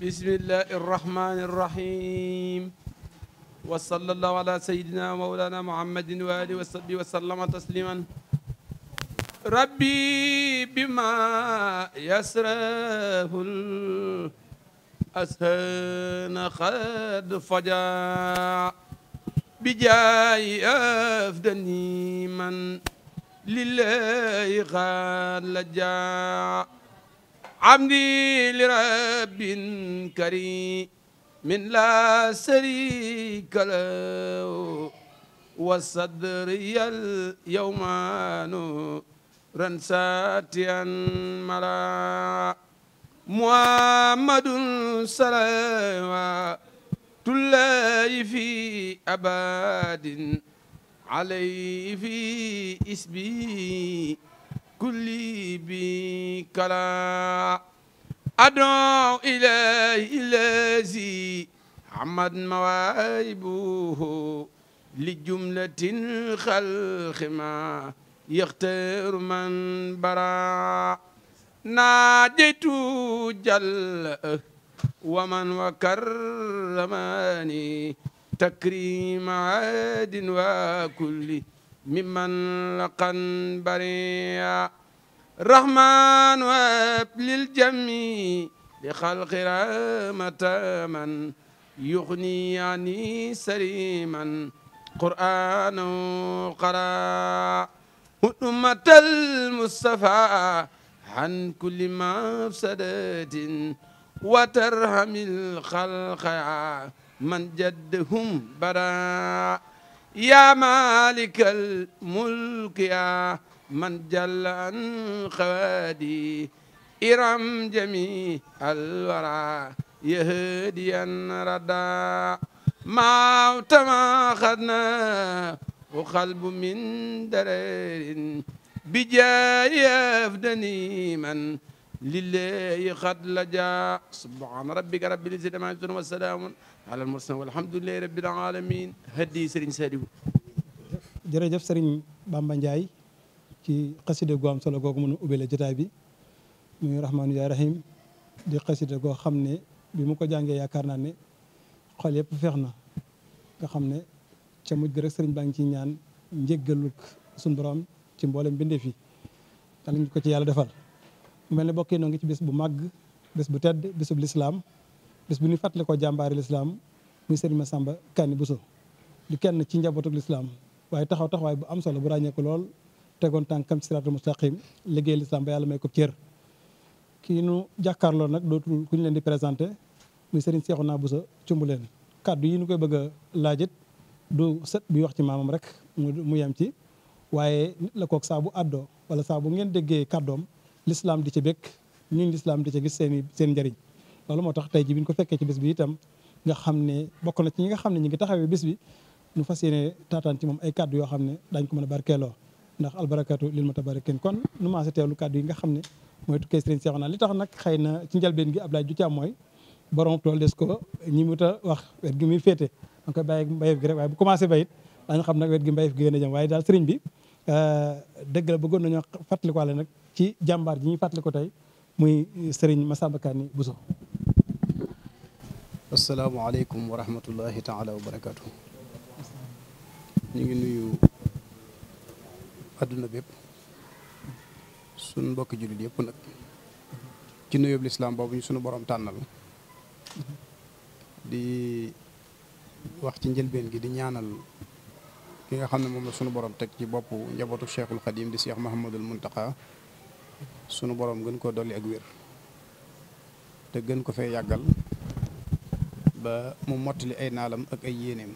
bismillahi irrahmani irrahim wa sallallahu ala sayidina mawlana muhammadin wa alihi wa sahbihi wa sallama tasliman rabbi bima yasrahul ashana xad faja bi jaay afdani man lillahi xaad la jaa عمدي لرب كريم من لا شريك له وصدري اليوم نورا ساتيا ملا محمد صلوات الله في أباد عليه في اسمي كل بي شريك له أدعو إليه الذي عمد مواهبه لجملة الخلق ما يختار من برا ناديت جل ومن وكرمني تكريم عاد وكل ممن لقن بريا rahman wa lil jami li xalqi ramataman yuxni ani sariman qur'anu qara ummatal mustafa an kulli mafsadatin wa tarhamil xalqa man jaddahum bara ya malikal mulk ya من جل عن خوادي إرم جميع الورى يهديا ردا ما تما خدنا وقلب من درر بجاي أفدني من لله قد لجا سبحان ربك رب العزة عما يصفون وسلام على المرسلين والحمد لله رب العالمين هدي سëriñ Saliou jërëjëf sëriñ Bamba Ndiaye ci xaside gu am solo googu mën a ubbele jataay bi muy rahmaanu yaa rahim di xaside goo xam ne bi mu ko jàngee yaakaar naa ne xol yëpp feex na nga xam ne ca mujj rek sëriñ baa ngi ci ñaan njéggaluk suñu borom ci mboolem bindeef yi yàlla ñu ko ci yàlla defal mel ni bokk yi noo ngi ci bis bu màgg bés bu tedd bésub lislaam bés bu ñu fàttali ko jàmbaari lislaam muy sëriñ Massamba Kanni Bousso di kenn ci njabootuk lislaam waaye taxaw taxawaay bu am solo bu ràññeeku lool tegoon tànkam ci siraatul mustaqim liggéey lislaam ba yàlla may ko cër kii nu jàkkaarloo nag dootul ku ñu leen di présenté muy Serigne Cheikhouna Bousso Cumbuleen kàddu yi ñu koy bëgg a laajit du sët bi wax ci maamam rek mu yam ci waaye nit la kook saa àddoo wala saa bu ngeen déggee kàddoom lislaam di ci békk ñun lislaam di ci gis seen seen njëriñ loolu moo tax tey ji bi ko fekkee ci bis bi itam nga xam ne bokk na ci ñi nga xam ne ñi ngi taxawee bis bi ñu fas yéene taataan ci moom ay kàddu yoo xam ne daañ ko mën a barkeeloo ndax albarakatu lil mutabarakin kon nu maa si teewlu kàddu yi nga xam ne mooy tukkee Serigne Cheikhouna li tax nag xëy na ci njëlbeen gi ab Abdoulaye Diouf mooy borom tool des ko ñi mut a wax wet gi muy féete danga koy bàyyi mbayef gi rek waaye bu commencé bayit daañu xam nag wet gi mbayef gi gën a jëm waaye daal sëriñ bi euh, dëgg la bëggoon nañoo fàttali ko wàlle nag ci jàmbaar ji ñuy fàttali ko tey muy sëriñ Massamba Kanni Bousso asalaamaaleykum wa rahmatullahi taala wa barakatu ñu ngi nuyu adduna bépp suñ mbokki jullit yépp nag ci nuyoob lislaam boobu ñu suñu boroom tànnal di wax ci njëlbeen gi di ñaanal ki nga xam ne moom la sunu borom teg ci boppu njabootu cheikhul xadim di cheikh mahamadul muntaqa sunu boroom gën koo dolli ak wér te gën ko fee yàggal ba mu mottali ay naalam ak ay yéeneem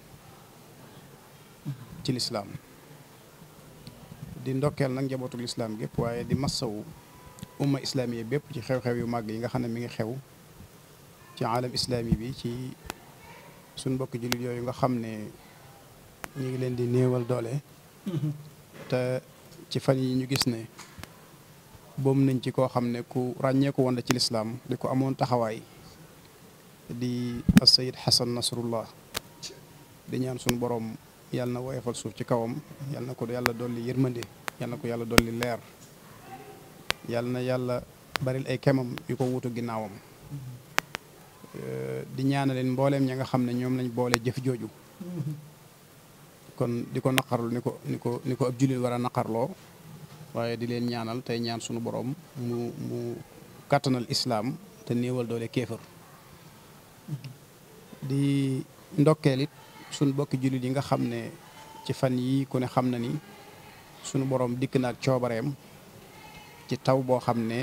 ci lislaam di ndokkeel nag njabootu lislaam gépp waaye di massawu umma islaamiya bépp ci xew-xew yu màgg yi nga xam ne mu ngi xew ci alam islaami bi ci suñ mbokk jullit yooyu nga xam ne ñu ngi leen di néewal doole te ci fan yi ñu gis ne boom nañ ci koo xam ne ku ràññeeku woon ci lislaam di ko amoon taxawaay di asayid xasan nasrullah di ñaan suñu borom yàlla na woyofal suuf ci kawam yàlla na ko yàlla dolli yërmande yàlla na ko yàlla dolli leer yàlla na yàlla baril ay kemam yu ko wutu ginnaawam di ñaana leen mbooleem ña nga xam ne ñoom lañ boole jëf jooju kon di ko naqarlu ni ko ni ko ni ko ab jullit war a naqarloo waaye di leen ñaanal tey ñaan sunu boroom mu mu kàttanal islaam te néewal doole kéefër di ndokkeel suñ bokki jullit yi nga xam ne ci fan yii ku ne xam na ni sunu borom dikk naat ak coobareem ci taw boo xam ne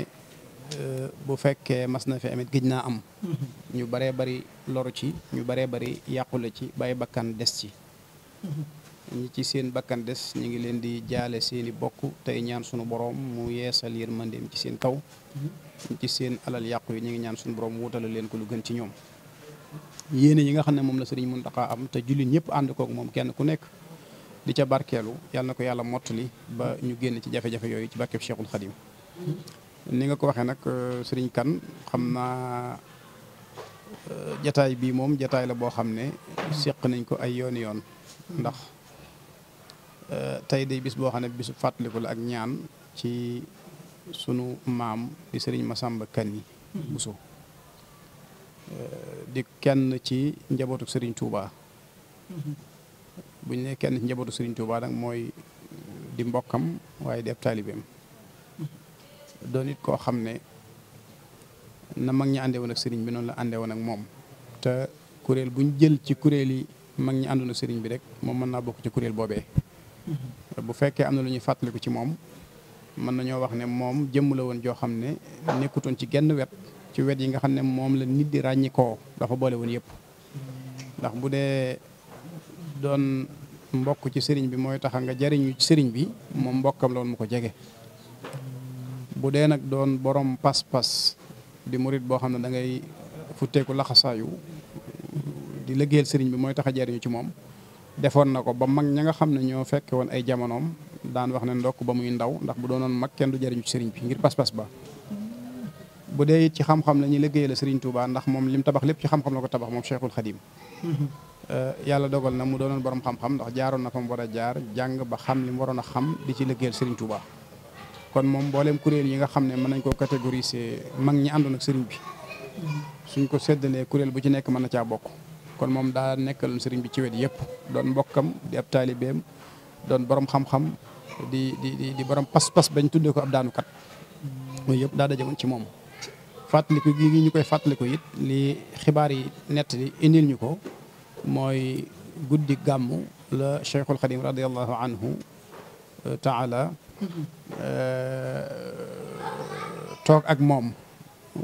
euh, bu fekkee mas na fi amit gëj naa am ñu baree bari loru ci ñu baree bari yàqu la ci bay bakkan des ci ñi ci seen bakkan des ñu ngi leen di jaale seeni bokk tey ñaan sunu borom mu yeesal yërmandeem ci seen taw ñi ci seen alal yàqu yi ñu ngi ñaan sunu borom wutala leen ko lu gën ci ñoom yéene yi nga xam ne moom la sëriñ Muntaxa am te jullit ñëpp ànd koog moom kenn ku nekk di ca barkeelu yàlla na ko yàlla mottali ba ñu génn ci jafe-jafe yooyu ci barkeb Cheikhul Khadim ni nga ko waxee nag euh, sëriñ kan xam naa euh, jataay bii moom jataay la boo xam ne seq nañ ko ay yooni yoon ndax euh, tey day bis boo xam ne bisu fàttaliku la ak ñaan ci sunu maam di sëriñ Masamba Kanni Bousso di kenn ci njabootu sëriñ Touba. bu ñu nee kenn ci njabootu Serigne Touba nag mooy di mbokkam waaye di ab taalibeem doon it koo xam ne na mag ñi àndee woon sëriñ bi noonu la àndee woon moom. te kuréel bu ñu jël ci kuréel yi mag ñi àndoon sëriñ bi rek moom mën naa bokk ci kuréel boobee. bu fekkee am na lu ñuy fàttaliku ci moom mën nañoo wax ne moom jëmm la woon joo xam ne nekkutoon ci genn wet. ci wet yi nga xam ne moom la nit di ràññikoo dafa boole woon yëpp ndax bu dee doon mbokk ci sëriñ bi mooy taxa nga jariñu ci sëriñ bi moom mbokkam la mu ko jege bu dee nag doon borom pas di murit boo xam ne da ngay futteeku laxasaayu di liggéeyal sëriñ bi mooy tax a jariñu ci moom defoon na ko ba mag ña nga xam ne ñoo fekke woon ay jamonoom daan wax ne ndokk ba muy ndaw ndax bu doonoon mag kenn du jariñu ci sëriñ bi ngir pas ba bu dee it ci xam-xam la ñuy liggéey la ndax moom lim tabax lépp ci xam-xam la ko tabax moom Cheikhul Khadim euh, yàlla dogal na mu doonoon borom xam-xam ndax jaaroon na fa mu war a jaar jàng ba xam li waroon a xam di ci liggéeyal Serigne Touba kon moom mboolem kuréel yi nga xam ne mën nañ koo catégoriser mag ñi àndoon ak bi suñ ko séddalee kuréel bu ci nekk mën na caa bokk kon moom daa nekkaloon Serigne bi ci wet yëpp doon mbokkam di ab taalibeem doon borom xam-xam di di di borom pas-pas bañ tuddee ko ab daanukat loolu yëpp daa daje woon ci moom. fàttaliku gi ngi ñu koy fàttaliku it li xibaar yi nett yi indi ñu ko mooy guddi gàmmu la Cheikhul Xadim radiallahu anhu euh, taala euh, toog ak moom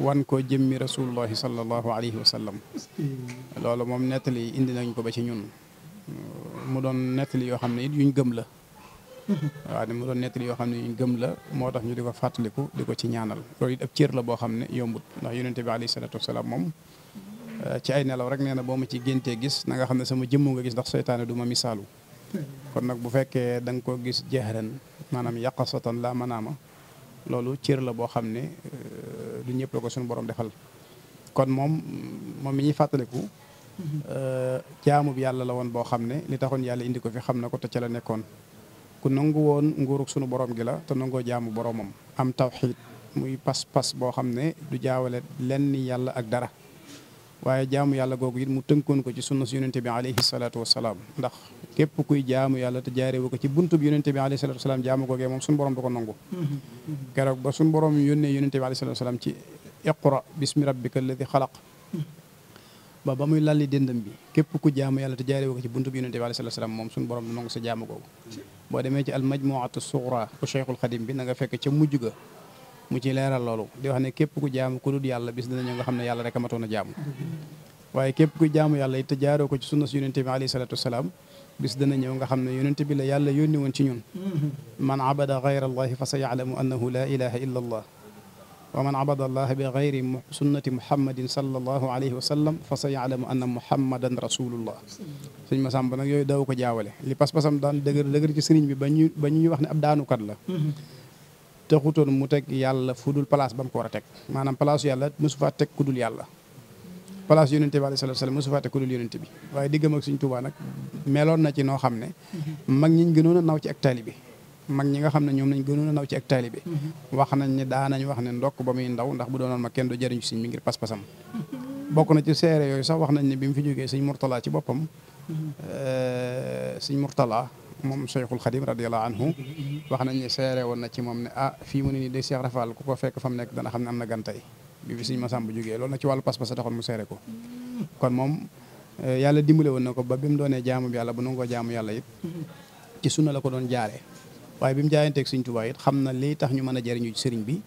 wan ko jëmmi rasulullahi sallallahu alayhi wa sallam loolu moom nettali indi nañ ko ba ci ñun mu doon nettali yoo xam ne it yuñ gëm la waaw ni mu doon nekk yoo xam ne ñu gëm la moo tax ñu di ko fàttaliku di ko ci ñaanal loolu it ab cër la boo xam ne yombut ndax yonente bi alayhi salatu wasalaam moom eh, ci ay nelaw rek nee na boo ma ci géntee gis na xam ne sama jëmmu nga gis ndax seytaane du ma misaalu kon nag bu fekkee da nga ko gis jeexren maanaam yàqasatan la manaama loolu cër la boo xam ne eh, du ñëpp la borom defal kon moom moom mi ñuy fàttaliku eh, jaamu bi yàlla la woon boo xam ne li taxoon yàlla indi ko fi xam na ko te ca la nekkoon ku nangu woon nguurug sunu boroom gi la te nangoo jaamu boromam am tawxiid muy pas-pas boo xam ne du jaawale lenn yàlla ak dara waaye jaamu yàlla googu it mu tënkoon ko ci sunna su yonente bi alayhi salaatu wasalaam ndax képp kuy jaamu yàlla te jaarewu ko ci buntu bi yonente bi alayhi salaatu wasalaam jaamu googee moom sunu borom da ko nangu keroog ba sunu borom yónnee yonente bi alayhi salaatu wasalaam ci iqra bismi rabbika alladi xalaq ba ba muy lalli dëndam bi képp ku jaamu yàlla te jaarewu ko ci wasalaam moom sunu borom da nangu sa jaamu googu boo demee ci al majmuatu suxra bu cheikhul xadim bi na nga fekk ca mujj ga mu ci leeral loolu di wax ne képp ku jaamu ku dul yàlla bis dana dinañu nga xam ne yàlla rek a matoon a jaamu waaye képp ku jaamu yàlla it jaaroo ko ci sunna si yonente bi alayhi salatu wasalaam bis dana ne yonente bi la yàlla yónni woon ci ñun man abada gayra allahi fa sa yaalamu annahu la ilaha illa allah wa man abada allaha bi gayri sunnati muhammadin sallallahu alayhi wa fa sa yaalamu anna muhammadan rasulullah sëñ Masamba nag yooyu daaw ko jaawale li pas-pasam daan dëgër dëgër ci sëriñ bi ba ñuy wax ne ab daanukat la taxutoon mu teg yàlla fu dul place ba ko war a teg maanaam place yàlla mosu faa teg ku dul yàlla place yonente bi alayhi wa salaam mosu faa teg ku dul suñ Tuubaa nag meloon na ci noo xam ne mag ñiñ gënoon a naw ci ak taalibe bi mag ñi nga xam ne ñoom nañ gënoon na naw ci ak mhm. wax nañ ne daa nañ wax ne ndokk ba muy ndaw ndax bu doonoon ma kenn du jëriñu sëñ mi ngir pas-pasam bokk na ci seere yooyu sax wax nañ ne bi mu fi jógee sëñ Mourtala ci boppam mhm. eh, sëñ Mourtala moom Cheikhul Khadim radiyallahu anhu wax nañ ne seere woon na ci moom ne ah fii mu ne nii de Cheikh Rafal ku ko fekk fa mu nekk dana xam ne am na gantay bi bi sëñ Massamba jógee loolu na ci wàllu pas-pas taxoon mu seere ko mhm. kon moom eh, yàlla dimbale woon na ko ba bi mu doonee jaamu yàlla bu nangoo jaamu yàlla it ci sunna la ko doon jaare waaye bi mu jaayanteeg Sëriñ Tuubaa it xam na lii tax ñu mën a jëriñu ci sëriñ bi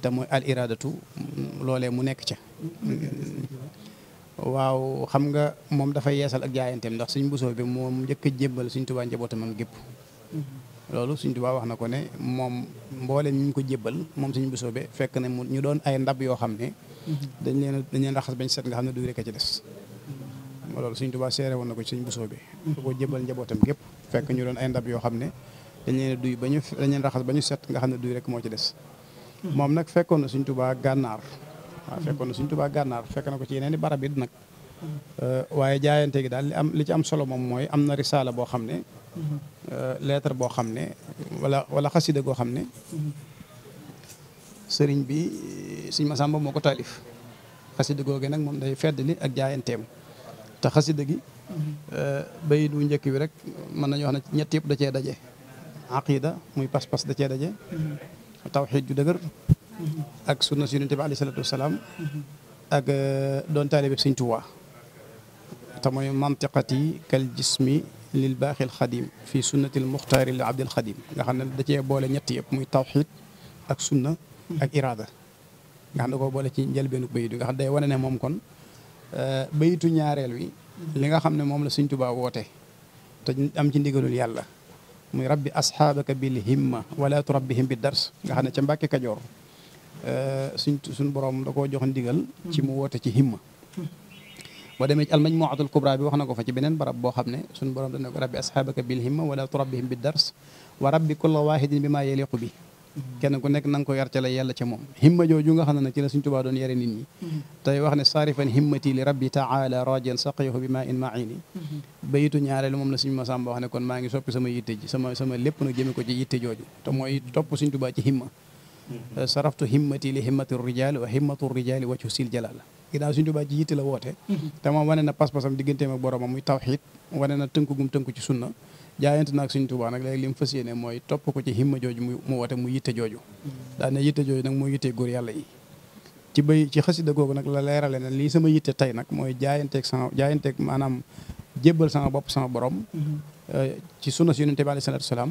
te mooy al iradatu loolee mu nekk ca waaw xam nga moom dafay yeesal ak jaayanteem ndax Sëriñ Bousso bi moom njëkk a jébbal Sëriñ Tuubaa njabootam am gépp loolu Sëriñ Tuubaa wax na ko ne moom mboolem ñu ko jébbal moom Sëriñ Bousso bi fekk ne mu ñu doon ay ndab yoo xam ne dañ leen dañ leen raxas bañ set nga xam ne du rek a ci des loolu Sëriñ Tuubaa seere woon na ko ci Sëriñ Bousso bi ko jébbal njabootam gépp fekk ñu doon ay ndab yoo xam ne dañ leen duy ba ñu dañ leen raxas ba ñu set nga xam ne duy rek moo ci des moom nag fekkoon na suñ tubaa gànnaar waaw fekkoon na gànnaar fekk na ko ci yeneen i barab it nag euh, waaye jaayante gi daal li am li ci am solo moom mooy am na risaala boo xam ne euh, lettre boo xam ne walla wala xasida goo xam ne sëriñ bi suñ Masamba moo ko taalif xasida googe nag moom day fedd feddali ak jaayanteem te xasida gi mm-hmm. euh, bayit wu njëkk bi rek mën nañu wax ne ñett yëpp da cee daje aqida muy pas-pas da cee daje mm-hmm. tawxiid ju dëgër mm-hmm. ak sunna si yonent bi alayhi salaatu wasalaam mm-hmm. ak euh, doon taalibe Sëñ Tuubaa te mooy mantiqati kal jismi lil baaxil xadim fi sunnati l muxtaari li abdil xadim nga xam ne da cee boole ñett yëpp muy tawxiid ak sunna ak iraada nga xam ne koo boole ci njëlbeenu bayit nga xam day wane ne moom kon euh, bayitu ñaareel wi li nga xam ne moom la Sëñ Tuubaa woote te am ci ndigalul yàlla muy rabbi asxaabaka bil himma wala turabbihim bi dars nga xam ne ca Mbàkke Kajoor eh, suñ suñ borom da koo joxoon digal ci mu woote ci himma boo demee ci almajmuatul kubra bi na ko fa ci beneen barab boo xam ne suñ borom dana ko rabbi asxaabaka bil himma wala turabbihim bi dars wa rabbi kulla waahidin bi bi kenn ku nekk na ko yar ca la yàlla ca moom himma la suñ tubaa doon yare nit ñi mm-hmm. tey wax ne saarifan himmati li rabbi taala rajan saqiyahu bi ma in maini mm-hmm. bayitu ñaareelu moom la suñ masamba wax ne kon maa ngi soppi sama yitte ji sama lépp nag jëme ko ci yitte jooju te mooy topp suñ tubaa ci himma mm-hmm. eh, saraftu himmati li himmati rijal wa himmatu rijali wajhu sil jalal ginnaaw suñ tubaa ci yitte la woote te moom wane na pas-pasam digganteem ak jaayante naag suñ Tuubaa nag léegi li mu fas yéene mooy topp ko ci himma jooju mu woote mu yitte jooju mm-hmm. daa ne yitte jooju nag moo yitte góor yàlla yi ci bay ci xasida googu nag la leerale ne lii sama yitte tey nag mooy jaayanteeg sama jaayanteeg maanaam jébbal sama bopp sama borom mm-hmm. euh, ci sunna si yonente bi alayhi salaatu salaam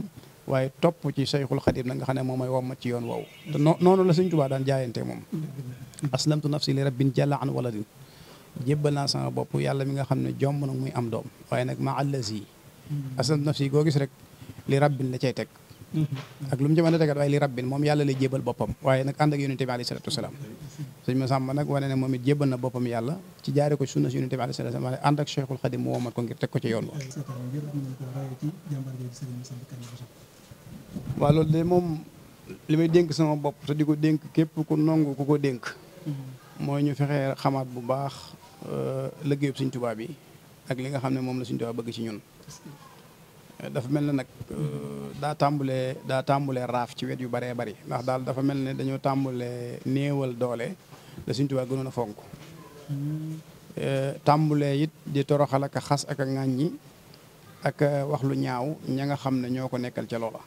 waaye topp ci Sayxul Xadim nag nga xam ne moom mooy wom ma ci yoon woowu te noonu la suñ Tuubaa daan jaayante moom mm-hmm. aslamtu nafsi li rabbin jalla an waladin jébbal naa sama bopp yàlla mi nga xam ne jomb nag muy am doom waaye Mm-hmm. asnat nafsi goo gis rek li rabbin la cay teg mm-hmm. ak lu mu ci mën a tegat waaye li rabbin moom yàlla lay jébal boppam waaye nag ànd ak yonente bi alayhi salatu wasalaam sëñ ma sàmba nag wane ne moom it jébal na boppam yàlla ci jaare ko sunna si yonente bi alayhi salatu wasalaam ànd ak cheikhul ko ngir teg ko ci yoon moom li may dénk sama bopp te di ko dénk képp ku nongu ku ko dénk mm-hmm. mooy ñu fexee xamaat bu baax euh, liggéeyub suñ tubaab bi ak li nga xam ne moom la suñ tubaab bëgg ci ñun dafa mel ne nag euh, daa tàmbulee daa tàmbule raaf ci wet yu baree bari ndax daal dafa mel ne dañoo tàmbulee néewal doole da Sëñ Tuubaa gënoon a fonk euh, tàmbule it di toroxal ak a xas ak a ŋàññi ak wax lu ñaaw ña nga xam ne ñoo ko nekkal ca loola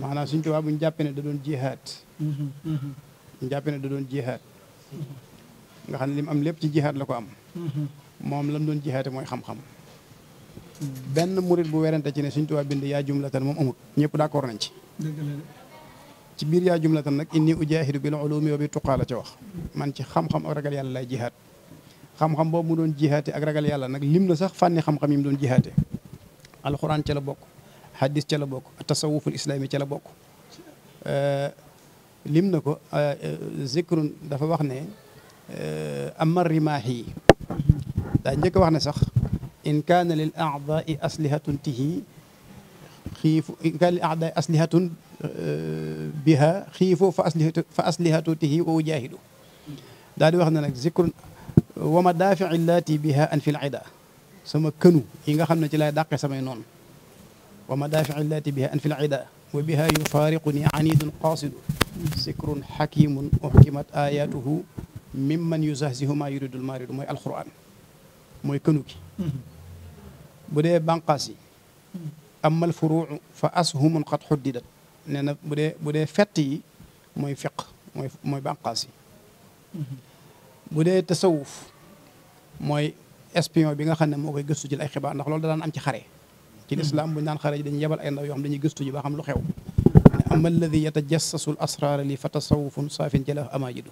maanaam Sëñ Tuubaa bu ñu jàppee ne da doon ne da doon jihaat nga xam ne lim am lépp ci jihaat la ko am mm-hmm. moom lam doon jihaate mooy xam-xam benn murit bu werante ci ne suñ Tuubaa bind yaa jumlatan moom amul ñëpp d'accord nañ ci ci biir yaa jumlatan nag indi ujaahidu bil ulumi wa bi tuqaa la ca wax man ci xam-xam ak ragal yàlla lay jihaad xam-xam boobu mu doon jihaate ak ragal yàlla nag lim na sax fànni xam-xam yi mu doon jihaate alxuraan ca la bokk hadis ca la bokk tasawuful islaami ca la bokk lim na ko zikrun dafa wax ne amar rimaax yi daa njëkk wax ne sax in kaana lil aadaai aslihatun tihi xiifu in kaana lil aadaai aslihatun euh, biha xiifoo fa aslihatu fa aslihatu tihi wa ujaahidu daal di wax ne nag zikrun wa ma daafici laati biha an fil ida sama kënu yi nga xam ne ci laay dàqe samay noonu wa ma daafici laati biha an fil ida wa biha yufaariquni anidun qaasidu zikrun xakimun uxkimat ayatuhu mimman yuzahzihu ma yuridu lmaridu mooy alquran mooy kënu gi mm-hmm. bu dee banqaas yi amal furuu fa ashumun qad xuddidat nee na bu dee bu dee fett yi mooy fiq mooy mooy banqaas yi bu dee tasawuf mooy espion bi nga xam ne moo koy gëstu jël ay xibaar ndax lool da daan am ci xare ci lislaam bu ñu daan xare ji dañuy yebal ay ndaw yoo xam dañuy gëstu ji ba xam lu xew ama alladi yatajassasu l asraara li fa tasawufun saafin jalahu amajidu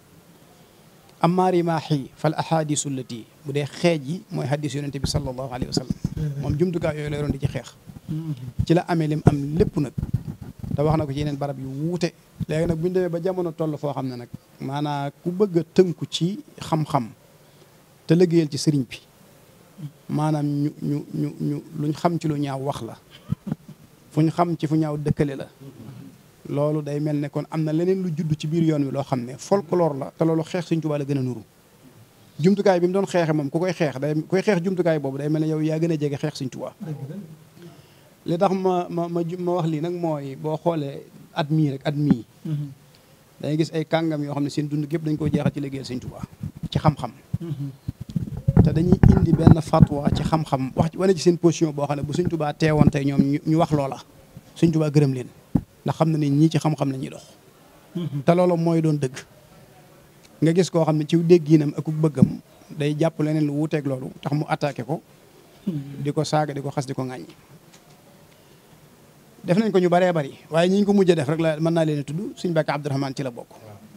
amma rimaaxi fal ahadisu allati bu dee xeej yi mooy hadis yonente bi sallallahu alayhi wa moom jumtukaay yooyu la yoroon di ci xeex ci la amee lim am lépp nag te wax na ko ci yeneen barab yu wuute léegi nag bu ñu demee ba jamono toll foo xam ne nag maanaa ku bëgg a tënku ci xam-xam te liggéeyal ci sëriñ bi maanaam ñu ñu ñu ñu luñ xam ci lu ñaaw wax la ñu xam ci fu ñaaw dëkkale la loolu day mel ne kon am na leneen lu judd ci biir yoon wi loo xam ne folklore la te loolu xeex Sëriñ Tuubaa la gën a nuru jumtukaay bi mu doon xeexe moom ku koy xeex day ku koy xeex jumtukaay boobu day mel ne yaa gën a jege xeex Sëñ Tuubaa li tax ma ma ma ma wax lii nag mooy boo xoolee at mii rek at mii mhm. dangay gis ay kàngam yoo xam ne seen dund gépp dañ koo jeexal ci liggéeyal Sëñ Tuubaa ci xam-xam mhm. te dañuy indi benn fatwa ci xam-xam wax wane ci seen postion boo xam ne bu Sëñ Tuubaa teewoon tey ñoom ñu wax loola Sëñ Tuubaa gërëm leen ndax xam na ne ñii ci xam-xam la ñuy dox mhm. te loolu mooy doon dëgg nga gis koo xam ne ci dégginam ak bëggam day jàpp leneen lu wuuteeg loolu tax mu attaqué ko di ko saaga di ko xas di ko ŋàññ def nañ ko ñu baree bari waaye ñi ñu ko mujjee def rek la mën naa leen tudd suñ bàkk Abdourahmane ci la bokk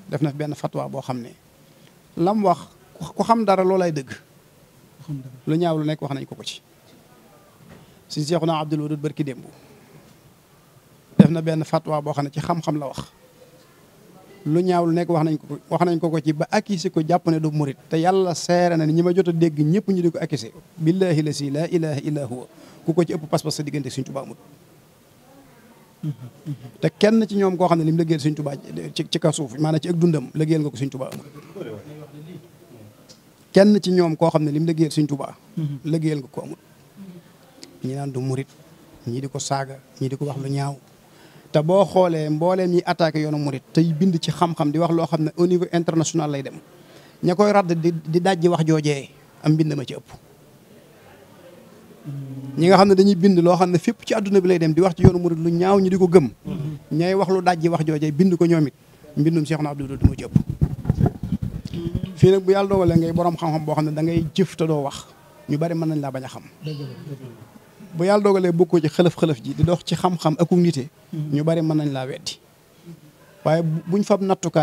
def na fi benn fatwa boo xam ne lam wax ku xam dara loolay dëgg lu ñaaw lu nekk wax nañ ko ko ci suñ Seexuna Abdul Wadud barki démb def na benn fatwa boo xam ne ci xam-xam la wax lu ñaaw lu nekk wax nañ ko wax nañ ko ko ci ba accusé ko jàpp ne du murit te yàlla seere na ne ñi ma jot a dégg ñëpp ñu di ko accusé billaahi la si laa ilaha illa ku ko ci ëpp pas-pas sa diggante Sëñ Tuubaa amut te kenn ci ñoom koo xam ne li mu liggéeyal Sëñ Tuubaa ci ci kaw suuf maanaam ci ak dundam liggéeyal nga kenn ci ñoom koo xam ne li mu liggéeyal Sëñ Tuubaa liggéeyal nga ko amut ñi naan du murit ñii di ko saaga ñii di ko wax lu ñaaw te boo xoolee mbooleem ñi attaqué yoonu murit tey bind ci xam-xam di wax loo xam ne au niveau international lay dem ña koy radd di di dajji wax joojee am mbind ma ci ëpp ñi nga xam ne dañuy bind loo xam ne fépp ci àdduna bi lay dem di wax ci yoonu murit lu ñaaw ñi di ko gëm ñay wax lu dajji wax joojee bind ko ñoom it mbindum Seexna Abdou Dou moo ci ëpp fii nag bu yàlla doogalee ngay borom xam-xam boo xam ne dangay ngay jëf te doo wax ñu bari mën nañ laa bañ a xam bu yàlla dogalee bokkoo ci xëlëf-xëlëf ji di dox ci xam-xam ak nite hmm. ñu bari mën nañ laa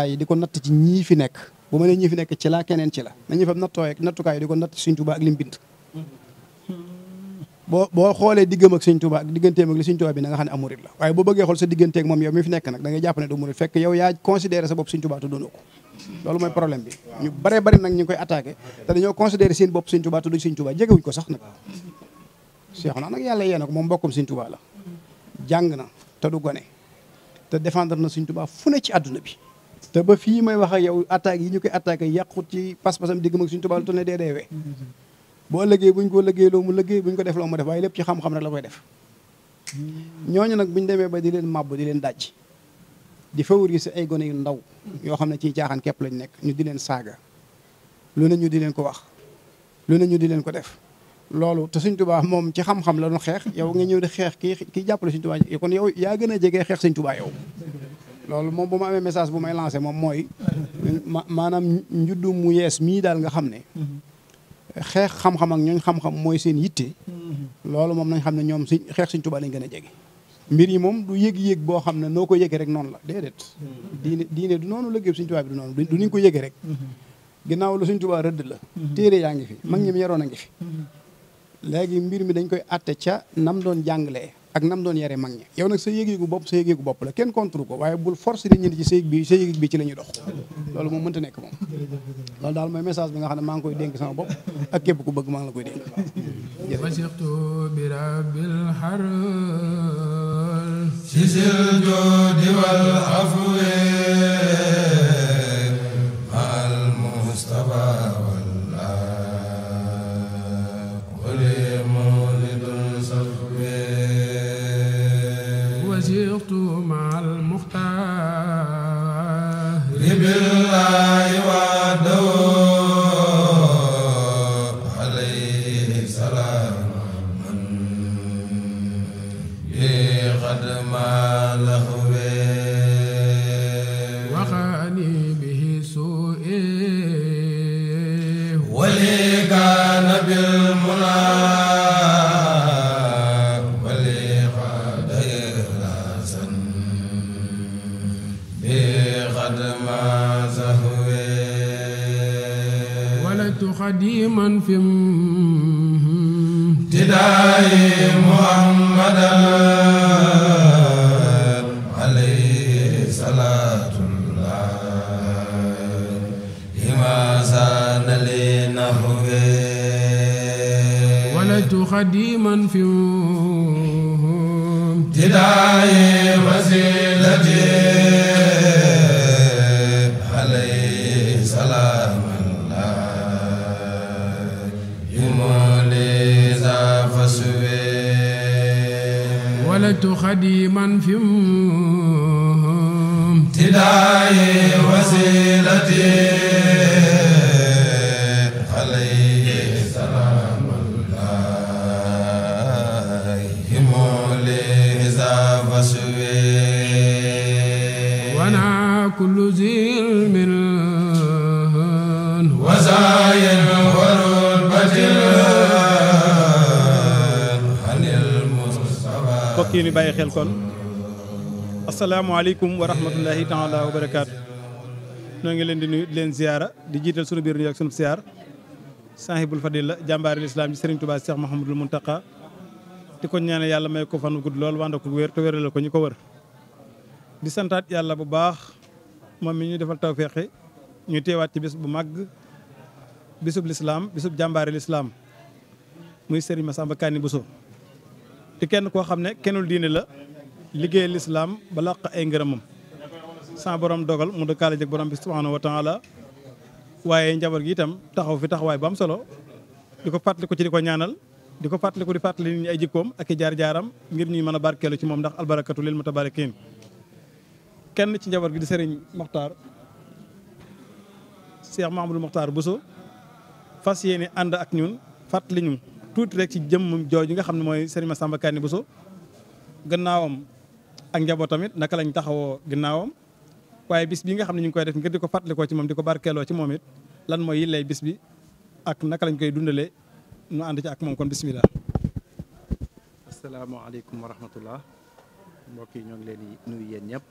yi di ko natt ci ñii fi nekk bu ma nee ñii fi nekk ci laa keneen ci la nañu fab nattuwaay nattukaay ko hmm. boo xoolee diggam ak Sëñ ak digganteem li Sëñ Tuubaa bi na nga xam ne am murit la waaye boo bëggee xool sa digganteeg moom yow mi fi nekk nag da ngay jàpp ne du murit fekk yaa considéré sa bopp Sëñ Tuubaa te doonoo ko loolu mooy problème bi ñu bare bari nag ñu koy attaqué hmm. te dañoo considéré seen bopp Sëñ Tuubaa te duñ Sëñ Tuubaa jegewuñ ko sax nag Cheikhouna nag yàlla yee nag moom mbokkum Sëñ Tuubaa jàng na te du gone te défendre na Sëñ Tuubaa fu ne ci àdduna bi te ba fii may wax ak yow attaques yi ñu koy attaqué yàqut ci pas-pasam digg mag Sëñ Tuubaa lu toll ne boo liggéey ko liggéey loo mu liggéey buñ ko def loo mu def waaye ci xam-xam rek la koy def ñooñu nag buñ demee ba di leen màbb di leen daj di favoriser ay gone yu ndaw yoo xam ne ciy caaxaan képp lañ nekk ñu di leen saaga lu ne ñu di leen ko wax lu ne ñu di leen ko def loolu te Sëñ Tuubaa moom ci xam-xam la ñu xeex yow nga ñëw di xeex kii kii jàppale Sëñ Tuubaa kon yow yaa gën a jege xeex Sëñ Tuubaa loolu moom bu ma amee message bu may lancé moom mooy maanaam njuddu mu yees mii daal nga xam ne xeex xam ak ñooñ xam mooy seen yitte loolu moom nañ xam ne ñoom si xeex Sëñ Tuubaa lañ gën a jege mbir yi moom du yég yëg boo xam ne noo ko yége rek noonu la déedéet diine diine du noonu liggéey Sëñ Tuubaa bi du noonu du ni ko yëgee rek ginnaaw lu suñ Tuubaa rëdd la uhuh. téere yaa ngi fi mag ñi yaroon a ngi fi uhuh. léegi mbir mi dañ koy atte ca nam doon jàngalee ak nam doon yare mag ñi yow nag sa yëg-yëgu bopp sa yëg-yëgu bopp la kenn contre ko waaye bul force nit ñi ci sa yëg bi sa yëg bi ci la dox loolu moom mënta nekk moom loolu daal mooy message bi nga xam ne maa ngi koy dénk sama bopp ak képp ku bëgg maa ngi la koy dénk wasiqtu bi rabbil harul sisil jodi wal afwi ma'al mustafa سيرت مع المختار ولدت خديما فيهم جداي وسيلتي ولدت خديما فيهم ابتدائي وسيلتي ذي الملهان وزايا الغربة mbokk yi ñu bàyyi xel kon asalaamaaleykum wa rahmatullahi taala wa barakaatu ñoo ngi leen di nuyu leen ziara di jiital sunu biir nuyu ak sunu siyaar saahibul fadila jàmbaari lislaam ji Serigne Touba Cheikh Mouhamadul Mountakha di ko ñaane yàlla may ko fan gudd lool wànd ko wér te wérale ko ñu ko wër di santaat yàlla bu baax moom mi ñu defal tawféexe ñu teewaat ci bis bu màgg bisub lislaam bisub jàmbaari lislaam muy Serigne Massamba kaani Bousso di kenn koo xam ne kennul diine la liggéey lislaam ba làq ay ngërëmam sans borom dogal mu dëkkaale jëg borom bi subhanahu wa la waaye njaboot gi itam taxaw fi taxawaay bu am solo di ko fàttaliku ci di ko ñaanal di ko fàttaliku di fàttali nit ñi ay jikkoom ak i jaar-jaaram ngir ñuy mën a barkeelu ci moom ndax albarakatu lil mutabaarikin kenn ci njaboot gi di sëriñ Mokhtar Cheikh Mahamadou Mokhtar Bousso fas yéene ànd ak ñun fàttali ñu tuuti rek ci jëmm jooju nga xam ne mooy sëriñ Massamba Kanni Bousso gannaawam ak njaboot tamit naka lañ taxawoo gannaawam waaye bis bi nga xam ne ñu koy def ngir di ko fàttalikoo ci moom di ko barkeeloo ci moom it lan mooy yillay bis bi ak naka lañ koy dundalee nu ànd ci ak moom kon bisimilah. asalaamaaleykum wa rahmatullah mbokk yi ñoo ngi leen di nuyu yéen ñëpp.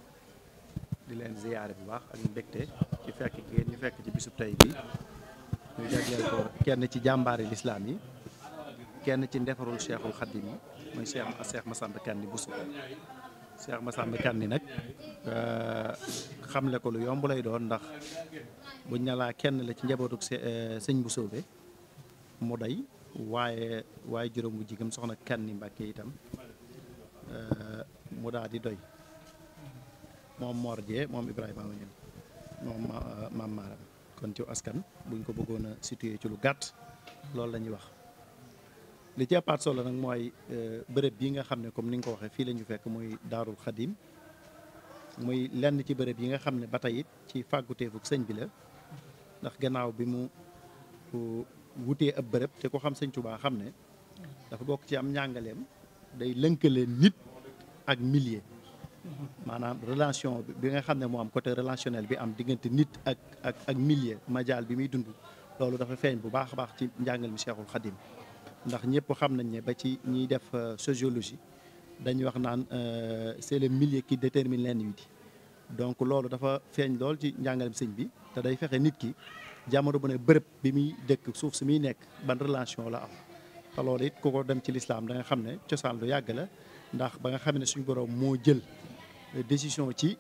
di leen ziyaare bu baax ak mbégte ci fekk ngeen ñu fekk ci bisub tey bi ñu jagleel ko kenn ci jàmbaari lislaam yi kenn ci ndefarul cheikhul xadim yi muy cheikh ma Massamba Kanni Bousso cheikh Massamba Kanni nag euh, xamle ko lu yomb lay doon ndax buñ ne kenn la ci njabootuk euh, sëñ bu soobe mu day waaye waaye juróom bu soxna Kanni Mbàkke itam euh, mu daal di doy moom Mor Dieng moom Ibrahima Awa Niang moom maam euh, Maaram kon ci askan buñ ko bëggoon a situer ci lu gàtt loolu la ñuy wax. li ci apart solo nag mooy euh, bërëb bii nga xam ne comme ni nga ko waxee fii la ñu fekk muy Daarul Xadim muy lenn ci bërëb yi nga xam ne ba tey ci fàgguteefuk sëñ bi la ndax gannaaw bi mu wutee ab bërëb te ko xam sëñ Tuubaa xam ne dafa bokk ci am njàngaleem day lënkale nit ak millier maanaam relation bi nga xam ne moo am côté relationnel bi am diggante nit ak ak ak milieu madial bi muy dund loolu dafa feeñ bu baax a baax ci njàngal mi Cheikhul Khadim ndax ñëpp xam nañ ne ba ci ñiy def euh, sociologie dañuy wax naan euh, c'est le milieu qui détermine l'individu donc loolu dafa feeñ lool ci njàngalem sëñ bi te day fexe nit ki jamono bu ne bërëb bi muy dëkk suuf si muy nekk ban relation la am te loolu it ko ko dem ci lislaam da nga xam ne cosaan lu yàgg la ndax ba nga xam ne suñu borom moo jël décision ci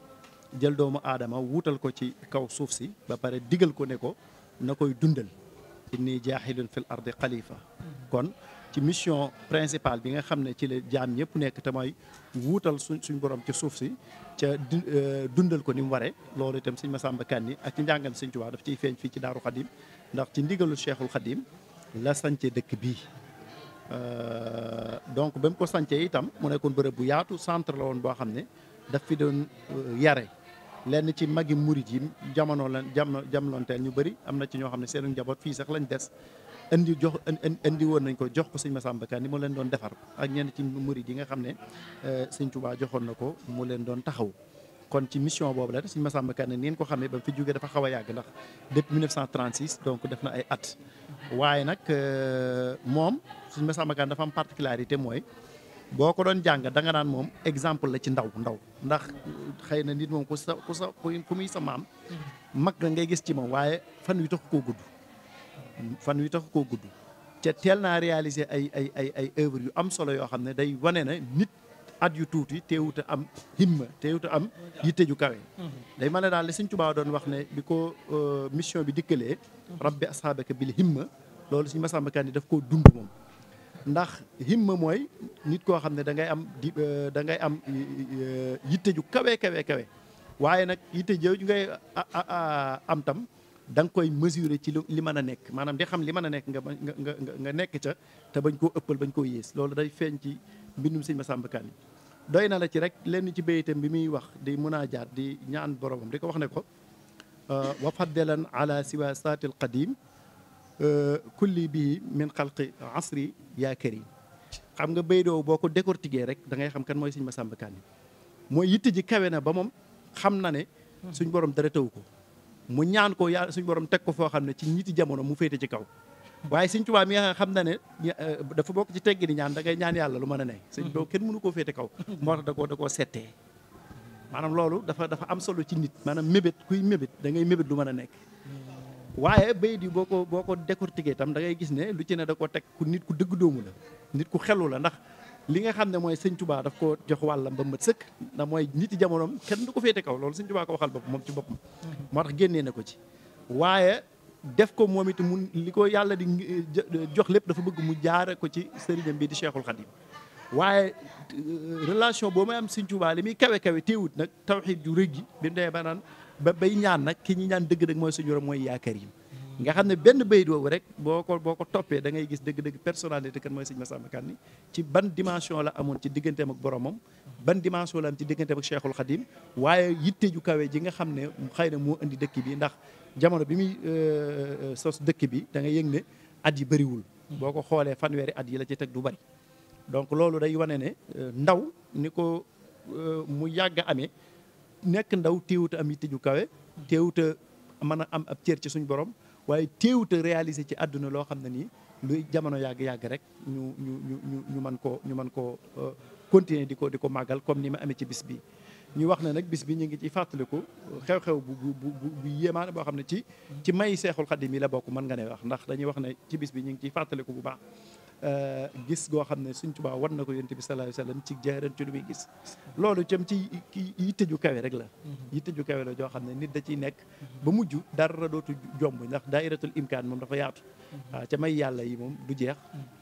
jël doomu aadama wuutal ko ci kaw suuf si ba pare digal ko ne ko na koy dundal inni jaahilun fil ardi xalifa kon ci mission principal bi nga xam ne ci la jaam ñëpp nekk te mooy wuutal suñ suñ borom ci suuf si ca euh, dundal ko ni mu waree loolu itam suñ sëñ Masamba Kanni ak ci njàngal sëñ Tuubaa daf ciy feeñ fii ci Daaru Xadim ndax ci ndigalu Cheikhul Xadim la sance dëkk bii euh, donc ba mu ko sance itam mu nekkoon bërëb bu yaatu centre la woon boo xam ne daf fi doon euh, yare lenn ci magi murit yi jamono lan jam jamlonteel ñu bari am na ci ñoo xam ne seenu njaboot fii sax lañ des indi jox indi woon nañ ko jox ko sëñ Massamba Ka ni mu leen doon defar ak ñenn ci murit yi nga xam ne euh, sëñ Tuubaa joxoon na ko mu leen doon taxaw kon ci mission boobu la def sëñ Massamba Ka ne ngeen ko xamee ba fi jóge dafa xaw a yàgg ndax depuis 1936 donc def na ay at waaye nag euh, moom sëñ Massamba Ka dafa am particularité mooy boo ko doon jàng danga nga naan moom exemple la ci ndaw ndaw ndax xëy na nit moom ku sa ku sa ku muy sa maam mag la ngay gis ci moom waaye fan wi taxu koo gudd wi taxu koo gudd te teel naa réaliser ay ay ay ay œuvre yu am solo yoo xam ne day wane na nit at yu tuuti teewut a am himma te a am yitte ju kawe day ma a daal li Sëñ doon wax ne bi ko euh, mission bi dikkalee mhm. rabbi bi bil himma loolu ma Masamba Kanni daf koo dund moom ndax himma mooy nit koo xam ne da ngay am di euh, da ngay am euh, euh, yitte ju kawe kawe kawe waaye nag yitte jooju ngay am tam danga koy mesure ci li mën a nekk maanaam di xam li mën a nekk nga nga nga nekk ca te bañ koo ëppal bañ koo yées loolu day feeñ ci mbindum sëñ Massamba Kanni doy na la ci rek lenn ci béyitam bi muy wax di munaajaat di ñaan boromam di ko wax ne ko wa faddalan ala siwa saatil qadim kulli bii min xalqi asri yaa yi xam nga béydoow boo ko décortiquer rek da ngay xam kan mooy ma sàmba Kanni mooy yitte ji kawe na ba moom xam na ne suñ borom dara taw ko mu ñaan ko yàlla suñ borom teg ko foo xam ne ci ñitti jamono mu féete ci kaw waaye sëñ Tuubaa mi nga xam na ne euh, dafa bokk ci teggi ni ñaan dangay ngay ñaan yàlla lu mën a ne sëñ loo kenn mënu koo féete kaw moo tax da koo da koo settee maanaam loolu dafa dafa am solo ci nit maanaam mébét kuy mébét da ngay mébét lu mën a nekk waaye bayit yi boo ko boo ko décortiquer tam da ngay gis ne lu ci ne da ko teg ku nit ku dëgg doomu la nit ku xelu la ndax li nga xam ne mooy sëñ Tuubaa daf ko jox wàllam ba mat sëkk ndax mooy nit yi jamonoom kenn du ko féete kaw loolu sëñ Tuubaa ko waxal bopp moom ci boppam mm-hmm. moo tax génnee na ko ci waaye def ko moom it mu li ko yàlla di jox lépp dafa bëgg mu jaare ko ci sëriñam bi di Cheikhul Khadim waaye euh, relation boo may am sëñ Tuubaa li muy kawe kawe téewut nag tawxiid ju rëgg bi mu demee ba bay ñaan nag ki ñi ñaan dëgg dëgg mooy suñu borom mooy yaakaar yi nga xam ne benn bayit woowu rek boo ko boo ko toppee da ngay gis dëgg-dëgg personnalité kan mooy sëñ Massamba Kanni ci ban dimension la amoon ci digganteem ak boromam ban dimension la am ci digganteem ak Cheikhul Khadim waaye yitte ju kawe ji nga xam ne xëy na moo indi dëkk bi ndax jamono bi muy euh, euh, euh, sos dëkk bi da ngay yëg ne at yi bëriwul boo ko xoolee fanweeri at yi la ci teg du bëri donc loolu day wane ne ndaw ni ko mu yàgg amee nekk ndaw téewut am yitte ju kawe téewut a mën a am ab cër ci suñu borom waaye téewut a réaliser ci àdduna loo xam ne nii luy jamono yàgg-yàgg rek ñu ñu ñu ñu mën koo ñu mën koo euh, continuer di ko di ko màggal comme ni ma amee ci bis bi ñu wax ne nag bis bi ñu ngi ci fàttaliku xew-xew bu bu bu yéemaane boo xam ne ci ci may seexul xadim yi la bokk mën nga ne wax ndax dañuy wax ne ci bis bi ñu ngi ciy fàttaliku bu baax Euh, gis goo xam ne Sëñ Tuubaa war na ko yonent bi sallallahu alayhi wasallam ci jaaran ci lu muy gis loolu cam ci yi ju kawe rek la mm-hmm. yitte ju kawe la joo xam ne nit da ciy nekk ba mujj dara dootu jomb ndax daayiratul imkaan moom dafa yaatu mm-hmm. waaw ca may yàlla yi moom du jeex mm-hmm.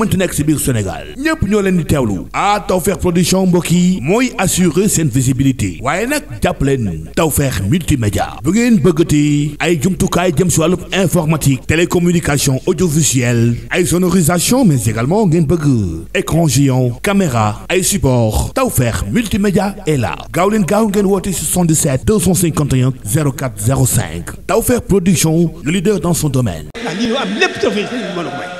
mënti nekk si biir Sénégal ñépp ñoo leen di teewlu ah Tawfekh production mbokk yi mooy assurer seen visibilité waaye nag jàppaleen Tawfekh multimédia bu ngeen bëggati ay jumtukaay jëm si wàllu informatique télécommunication audiovisuelle ay sonorisation mais également ngeen bëgg écran géant caméra ay support Tawfekh multimédia est là gaaw leen gaaw ngeen woote 77 251 04 05 Tawfekh production le leader dans son domaine. Ah, am lépp Tawfekh sëriñ bi mën